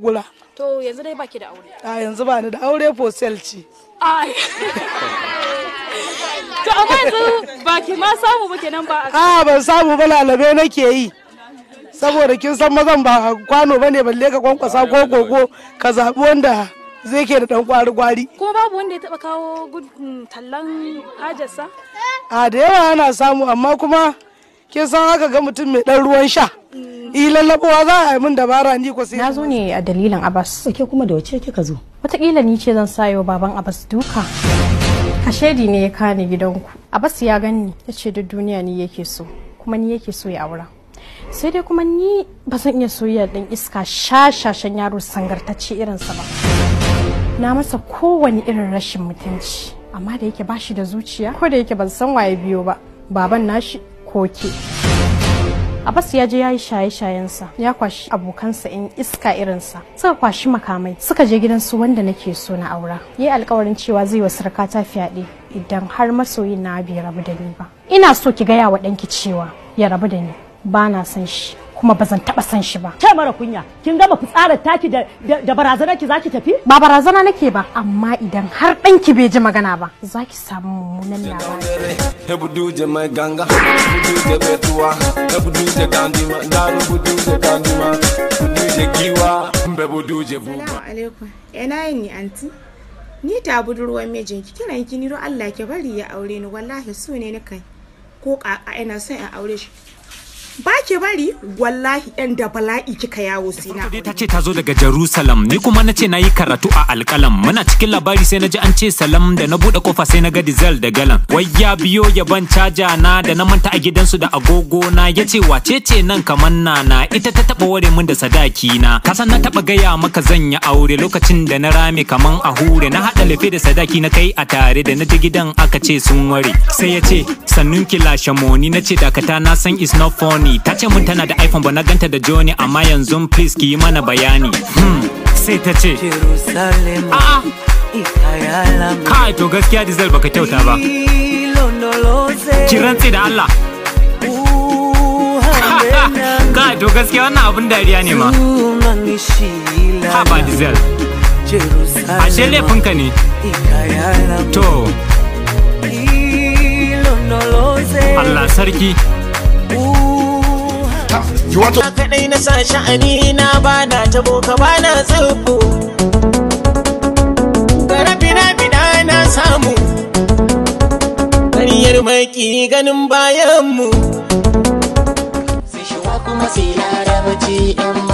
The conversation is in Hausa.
gula to yanzu dai baki da aure a yanzu ba ni da aure for sale ce ai to amma yanzu baki ma samu ba nan ba a ban samu ba lalabe nake yi saboda kin san mazan ba kwano bane balle ka kwankwasa ko gogo ka zabi wanda zai ke da dan kwari kwari ko babu wanda ya taba kawo mm, tallan hajarsa a da yawa ana samu amma kuma kin san haka ga mutum mai dan ruwan sha mm. i lallabuwa za a yi min dabara ni ko sai na zo ne a dalilin abas. ke kuma da wace kika zo wataƙila ni ce zan sayo baban abas duka kashedi ne ya kani gidanku abas ya gani ya ce duk duniya ni yake so kuma ni yake so ya aura sai dai kuma ni ba zan iya soyayya ɗan iska shashashen yaro sangartacce irinsa ba na masa kowane irin rashin mutunci amma da yake bashi da zuciya ko da yake ban san waye biyo ba baban nashi koke. Abbas ya je ya yi shaye-shayensa ya kwashi abokansa in iska irinsa suka kwashi makamai suka je gidan su wanda nake so na aura ya alkawarin cewa zai wa ta fyaɗe idan har masoyin na bai rabu da ni ba ina so ki gaya wa ɗanki cewa ya rabu da ni ba na son shi kuma ba zan taba san shi ba ke mara kunya kin gama tsara taki da da barazana ki zaki tafi ba barazana nake ba amma idan har dan ki bai ji magana ba zaki samu mummunan labari je mai ganga je betuwa je gandima daru je gandima je giwa je alaikum ina eh, yin ni anti ni ta budurwan mijinki kiran kiniro niro Allah ke bari ya aure ni wallahi su ne ni kai ko kaka ina son in aure shi ba ke bari wallahi yan da bala'i kika yawo sina dai ta ce ta zo daga Jerusalem ni kuma na ce na yi karatu a alƙalam muna cikin labari sai na ji an ce salam da na buɗe kofa sai na ga diesel da galan wai ya biyo ya ban caja na da na manta a gidansu da agogo na ya ce wace ce nan kamar nana ita ta taba ware min da sadaki na ka san na taɓa gaya maka zan yi aure lokacin da na rame kaman a hure na haɗa lafe da sadaki na kai a tare da na ji gidan aka ce sun ware sai ya ce sannun ki lashe na ce dakata na san is not funny Johnny ta ce mun tana da iphone ba na ganta da joni amma yanzu please ki yi mana bayani hmm. sai ta ce a'a kai to gaskiya diesel baka kyauta ba kiran da Allah kai to gaskiya wannan abun dariya ne ma ha ba diesel ashe laifinka ne to Allah sarki you kaɗai kadai na sa sha'ani na bana ta boka bana tsubu garabi na bida na samu kariyar maki ganin bayan mu sai shiwa kuma sai larabaci yan